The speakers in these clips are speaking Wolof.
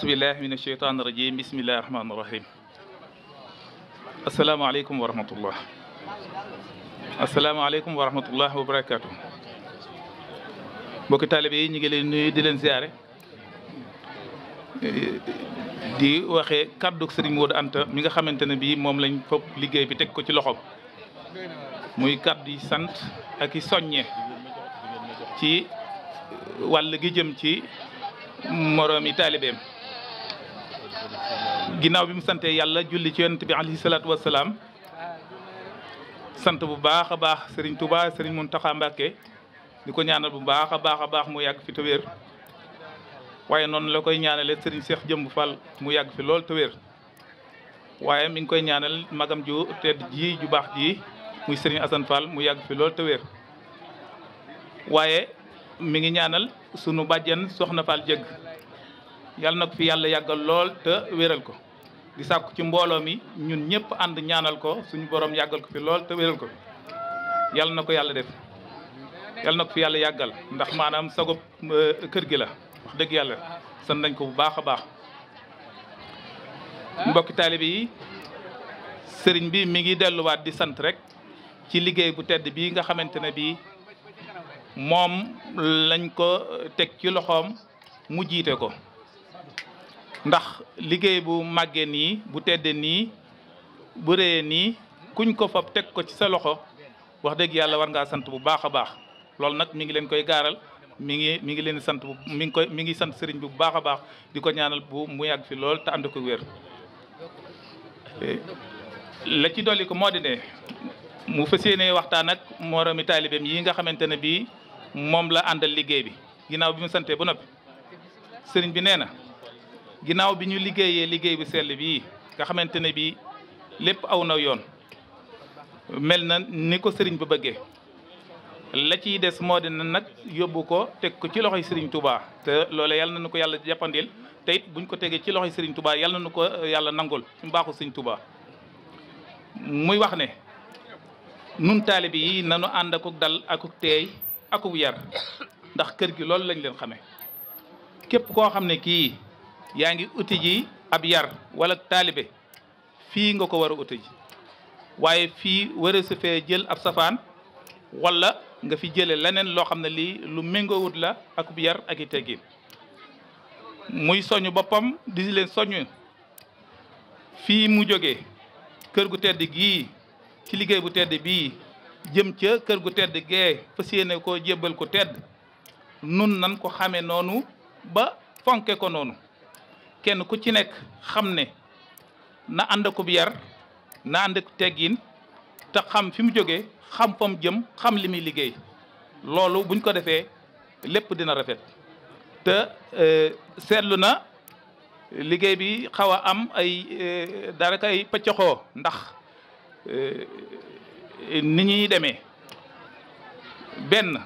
ahousubillahi min asheytan irajim bismillahi rahmani irahim asalaamaaleykum wa rahmatullah asalaamaaleykum wa barakaatu mbokki taalibe yi ñu ngi leen di leen ziare di waxee kàddug sëriñ Modou Anta mi nga xamante ne bii moom lañ fopp liggéey bi teg ko ci loxoom muy kàddu yi sant ak i soññe ci wàll gi jëm ci moroomi taalibeem ginnaaw bi mu sante yàlla julli ci yonent bi alayhi salaam sant bu baax a baax Serigne Touba Serigne Mountakha Mbacké di ko ñaanal bu baax a baax a baax mu yàgg fi te wér waaye noonu la koy ñaanale Serigne Cheikh Jëmb Fall mu yàgg fi lool te wér waaye mi ngi koy ñaanal magam ju tedd ji ju baax ji muy Serigne Assane mu yàgg fi lool te waaye mi ngi ñaanal sunu bàjjen soxna Fall jëgg yàlla na ko fi yàlla yàggal lool te wéral ko di sàkku ci mbooloo mi ñun ñëpp ànd ñaanal ko suñu boroom yàggal ko fi lool te wéral ko yàlla na ko yàlla def yàlla na ko fi yàlla yàggal ndax maanaam sagob euh, kër gi la wax dëgg yàlla san nañ ko bu baax a baax mbokki taalibe sëriñ bi mi ngi delluwaat di sant rek ci liggéey bu tedd bii nga xamante ne bii moom lañ ko teg ci loxoom mu jiite ko ndax liggéey bu màggee nii bu teddee nii bu réyee nii kuñ ko fab teg ko ci sa loxo wax dëgg yàlla war ngaa sant bu baax a baax loolu nag mu ngi leen koy gaaral mi ngi mi ngi leen sant bu mi ngi koy mi ngi sant sëriñ bi bu baax a baax di ko ñaanal bu mu yàgg fi lool te ànd ko wér la ci dolli ko moo di ne mu fas ne waxtaan ak moromi taalibeem yi nga xamante ne bii moom la àndal liggéey bi ginnaaw bi mu santee ba noppi sëriñ bi nee na ginnaaw bi ñu liggéeyee liggéey bu sell bii nga xamante ne bii lépp aw na yoon mel na ni ko sëriñ bi bëggee la ciy des moo dina nag yóbbu ko teg ko ci loxoy sëriñ Touba te loole na nañu ko yàlla jàppandil te it buñ ko tegee ci loxoy sëriñ Touba yàlla nañu ko euh, yàlla nangul ci mbaaxu sëriñ Touba muy wax ne nun taalibe yi nanu ànd akuk dal ak teey akuk yar ndax kër gi loolu lañ leen xamee képp koo xam ne kii yaa ngi uti ji ab yar wala taalibe fii nga ko war a uti ji waaye fii wara su fee jël ab safaan wala nga fi jële leneen loo xam ne lii lu wut la ak bu yar ak i teggin muy soñu boppam di leen soñu fii mu jógee kër gu tedd gi ci liggéey bu tedd bii jëm ca kër gu tedd gee fas yéene koo jébbal ko tedd nun nan ko xamee noonu ba fonke ko noonu kenn ku ci nekk xam ne na ànd akub yar na ànd ak teggiin te xam fi mu jógee xam fam jëm xam li muy liggéey loolu buñ ko defee lépp dina rafet te euh, seetlu na liggéey bi xaw a am ay euh, daanaka ay pëccaxoo ndax euh, ni ñuy demee benn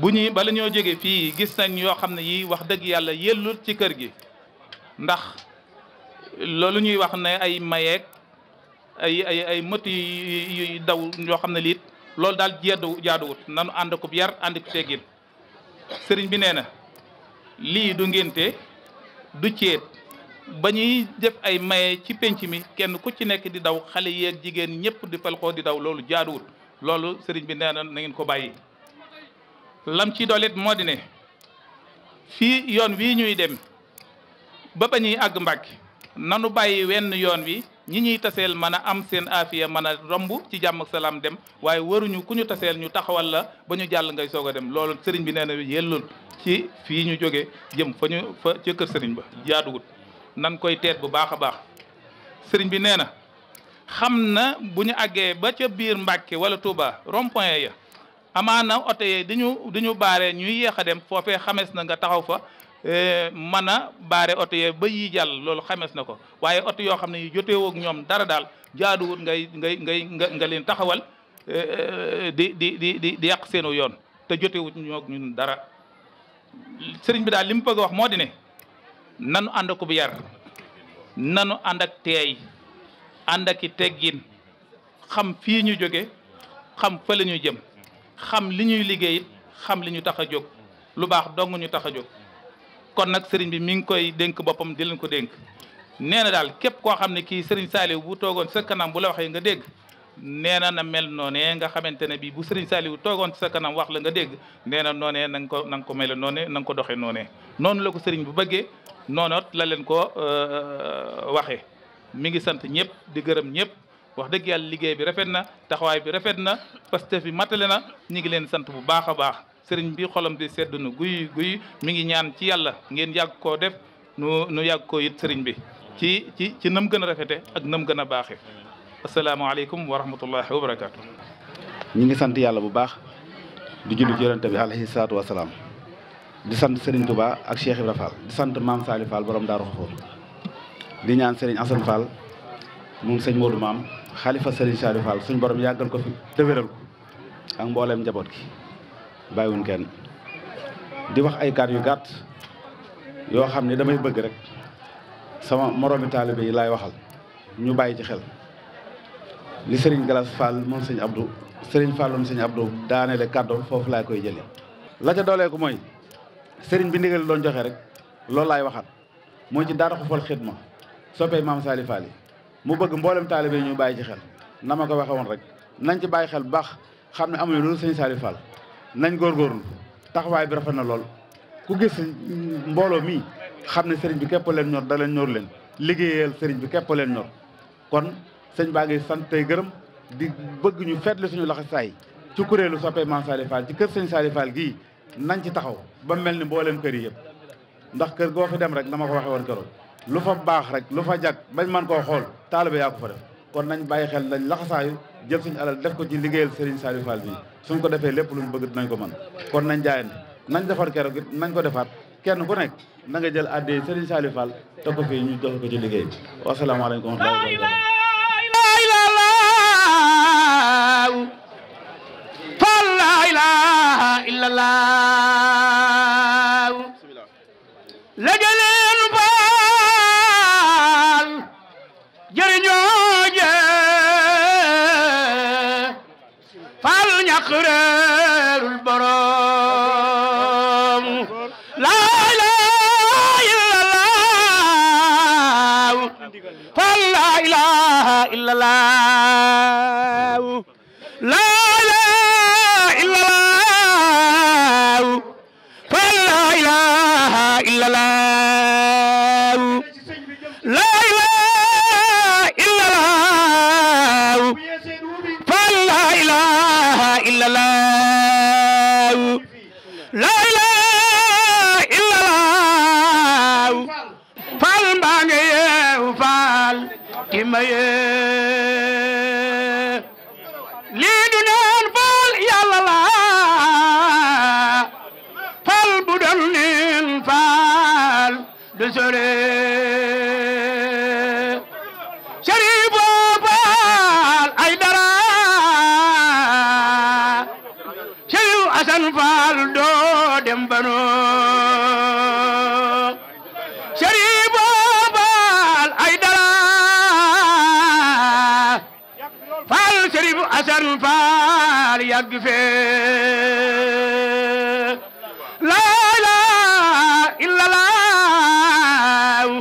bu ñuy bala ñoo jóge fii gis nañ yoo xam ne yi wax dëgg yàlla yellut ci kër gi ndax loolu ñuy wax ne ay mayeeg ay ay ay mët yu daw ñoo xam ne liit loolu daal jaadu jaaduwut nanu ànd ko yar ànd ko teggin sëriñ bi nee na lii du ngénte du ceet ba ñuy def ay maye ci penc mi kenn ku ci nekk di daw xale yeeg jigéen ñëpp di fal koo di daw loolu jaaduwut loolu sëriñ bi nee na na ngeen ko bàyyi lam ci dolit moo di ne fii yoon wii ñuy dem ba ba ñuy àgg Mbàkke nanu bàyyi wenn yoon wi ñi ñuy taseel mën a am seen afiya mën a romb ci jàmm salaam dem waaye waruñu ku ñu taseel ñu taxawal la ba ñu jàll ngay soog a dem loolu sëriñ bi nee na yellul ci fii ñu jóge jëm fa ñu fa ca kër sëriñ ba jaaduwut nan koy teet bu baax a baax sëriñ bi nee na xam na bu ñu àggee ba ca biir Mbàkke wala Touba rond ya amaana oto yee dañu ñu di ñu ñuy yéex a dem foofee xamees na nga taxaw fa Eh, mën a baare oto yee ba yi jàll loolu xames na ko waaye oto yoo xam ne yu joteewoo ak ñoom dara daal jaaduwut ngay ngay ngay nga leen taxawal eh, di di di di yàq seenu yoon te jotewut ñoo ak ñun dara sëriñ bi daal li mu bëgg a wax moo di ne nanu ànd ak bu yar nanu ànd teey ànd ak teggin xam fii ñu jóge xam fa la ñu jëm xam li ñuy liggéey xam li ñu tax a jóg lu baax dong ñu tax a jóg kon nag sëriñ bi mi ngi koy dénk boppam di leen ko dénk nee na daal képp koo xam ne kii sëriñ Saliou bu toogoon sa kanam bu la waxee nga dégg nee na na mel noonee nga xamante ne bii bu sëriñ Saliou toogoon sa kanam wax la nga dégg nee na noonee na ko na nga ko mel noonee na nga ko doxee noone noonu la ko sëriñ bu bëggee noonoot la leen ko euh, euh, waxee mi ngi sant ñëpp di gërëm ñëpp wax dëgg yàlla liggéey bi rafet na taxawaay bi rafet na pastef bi matale na ñu ngi leen sant bu baax a baax sëriñ bi xolam bi sedd na guy guy mi ngi ñaan ci yàlla ngeen yàgg koo def nu nu yàgg koo it sëriñ bi ci ci ci nam gën a rafete ak nam gën a baaxe asalaamaaleykum wa rahmatullahi wa barakaatu. ñi ngi sant yàlla bu baax di julli ci yonente bi alayhi assalaam wa salaam di sant Serigne Touba ak Cheikh Ibra di sant maam Sali Fall borom Daaru Xafoor di ñaan sëriñ Assane Fall moom sëñ Modou maam xalifa Serigne Sali Fall suñ borom yàggal ko fi te ko ak mbooleem njaboot gi. bàyyiwuñ kenn di wax ay kàddu yu gàtt yoo xam ne damay bëgg rek sama moroomi taalibe yi laay waxal ñu bàyyi ci xel li sëriñ Gallas Fall moom sëñ Abdou sëriñ Fall moom sëñ Abdou daaneele kàddoo foofu laa koy jëlee. la ca dooleeku mooy sëriñ bi ndigal doon joxe rek loolu laay waxat mooy ci daara xufal ma soppee maam Sali yi mu bëgg mboolem taalibe yi ñu bàyyi ci xel na ma ko waxee woon rek nañ ci bàyyi xel bu baax xam ne amuñu loolu sëñ Sali Fall. nañ góorgóorlu taxawaay bi rafet na lool ku gis mbooloo mi xam ne sëriñ bi képp leen ñor da leen leen liggéeyal sëriñ bi képp leen ñor kon sëñ baa ngi sant tey gërëm di bëgg ñu feetli suñu laxasaay ci kuréelu soppee Maam Saliou ci kër sëñ Saliou Fall gii nañ ci taxaw ba mel ni mbooleem kër yi yëpp ndax kër goo fi dem rek na ma ko waxee woon keroog lu fa baax rek lu fa jag bañ man koo xool taalibe yaa ko fa def kon nañ bàyyi xel lañ laxasaayu jël suñu alal def ko ci liggéeyal Serigne Saliou Fall bi ko defee lépp luñ bëgg dinañ ko mën kon nañ jaayante nañ defar keroog it nañ ko defaat kenn ku nekk na nga jël addee Serigne Saliou Fall te ko fii ñu jox ko ci liggéey bi wasalaamaaleykum wa rahmatulah asan faal doo dem banoo sariifo faal ay dara faal sariif asan faal yàgg fee laa ilaaha illallaahu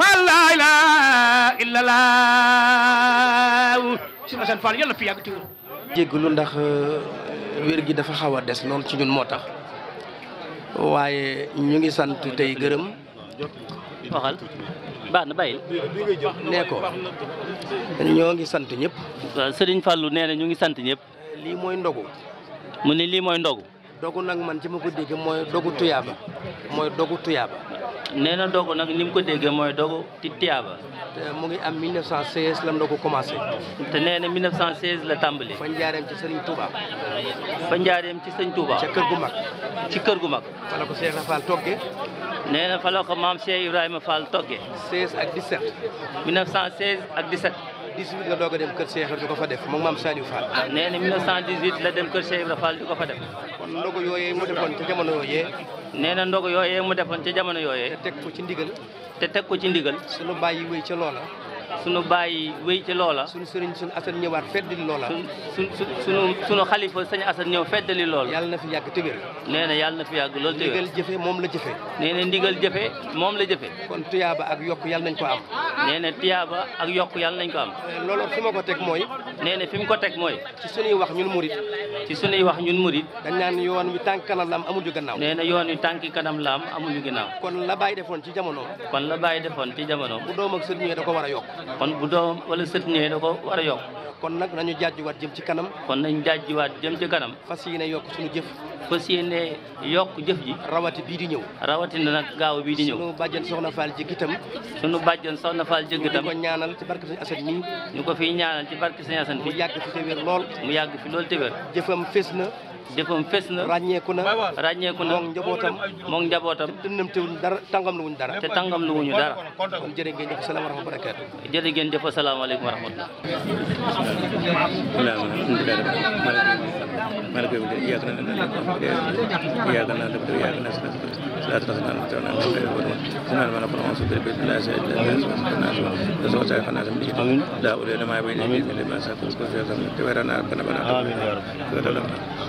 faal laa ilaaha illallaahu si asan faal yàlla fi yàgg tiw jéggalu ndax wér gi dafa xaw a des lool ci ñun moo tax waaye ñu ngi sant tey gërëm waxal baax na bàyyil nee ko ñoo ngi sant ñëpp waaw Sëriñ Fallou nee na ñu ngi sant ñëpp lii mooy ndogu mu ne lii mooy ndogu dogu nag man ci ma ko dégg mooy dogu tuyaaba mooy dogu tuyaaba nee na dogu nag nim ko déggee mooy dogu ci tiyaaba. te mu ngi am 1916 lam la ko commencé. te nee na 1916 la tàmbali. fa njaareem ci Serigne Touba. fa njaareem ci Serigne Touba. ca kër gu mag. ci kër gu mag. fa la ko Cheikh Fall toggee. nee na fa la ko maam Cheikh Ibrahima Fall toggee. 16 ak 17. 1916 ak 17. la doog a dem kër Cheikh di ko fa def moom maam Saliou Fall. Ah, nee na 1918 la dem kër Cheikh Ibrahima Fall di ko fa def. jamono yooyee. nee na ndog yooyee mu defoon ca jamono yooyee. te ci ndigal. te teg ko ci ndigal. sunu yi wéy ca loola. sunu bàyyi wéy ci loola. sunu sëriñ sunu asan ñëwaat feddali loola. sunu sunu sunu sunu xalifa sëñ asan ñëw feddali lool yàlla na fi yàgg tëwér. nee na yàlla na fi yàgg lool tëwér. ndigal moom la jëfe. nee na ndigal jëfe moom la jëfe. kon tuyaaba ak yokk yàlla nañ ko am. nee na tiyaaba ak yokk yàlla nañ ko am. Eh, loolu fi ma ko teg mooy. nee na fi mu ko teg mooy. ci sunuy wax ñun murit. ci sunuy wax ñun murit. dañ naan yoon wi tànk kanam lam am amuñu gannaaw. nee na yoon wi tànk kanam la am amuñu kon la bàyyi defoon ci jamono. kon la bàyyi defoon ci jamono. bu doom ak sët ñëwee da ko war a yokk kon bu doom wala sët ñëwee ko war a yokk kon nag nañu jàjjuwaat jëm ci kanam kon nañu jàjjuwaat jëm ci kanam fas yéene yokk suñu jëf fas yéene yokk jëf ji rawati bii di ñëw rawatina nag gaaw bii di ñëw suñu bàjjan soxna Fall jëkk itam suñu bàjjan soxna Fall jëkk itam ñu ko ñaanal ci barke Sëñ Assane nii ñu ko fi ñaanal ci barke Sëñ Assane fi mu yàgg fi te lool mu yàgg fi lool te jëfam fés jëfam fes na ràññeeku na ràññeeku na moom njabootam moom njabootam te dënnam teewuñ dara tàngam luwuñ dara te tàngam luwuñu dara kon jërë ngeen jëf salaam wa rahmatulah barakaatu jërë ngeen jëf asalaamaaleykum wa rahmatulah amiin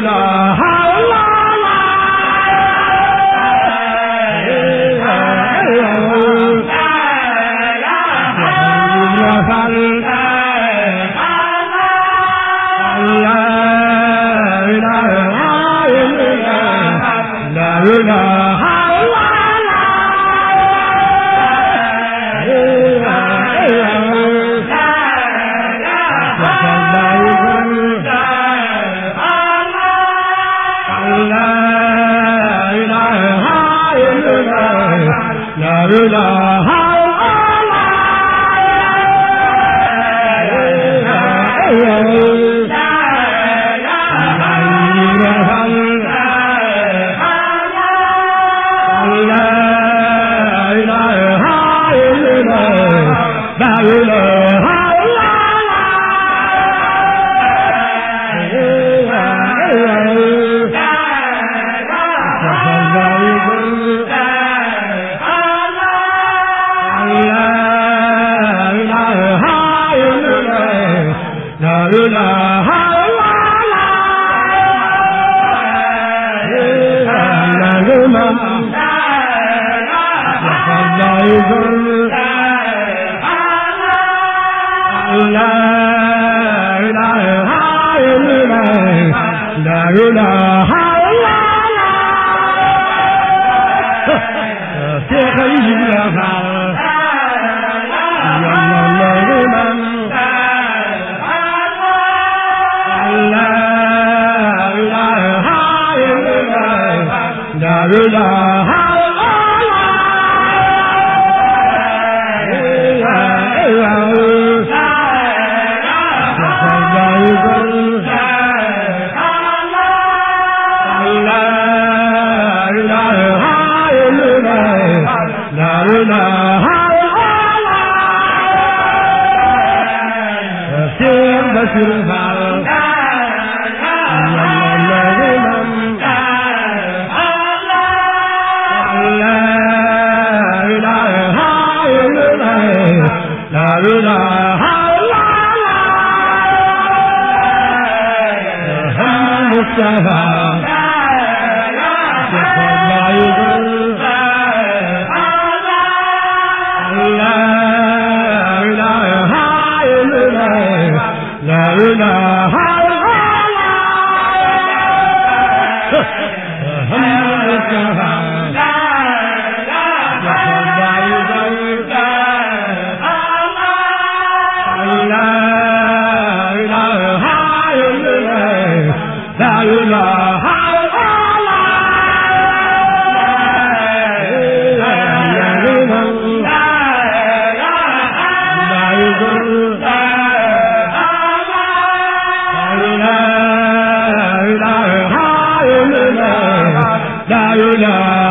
la لنا لا يزل لا إله إلا الله لا إله إلا الله la ilaha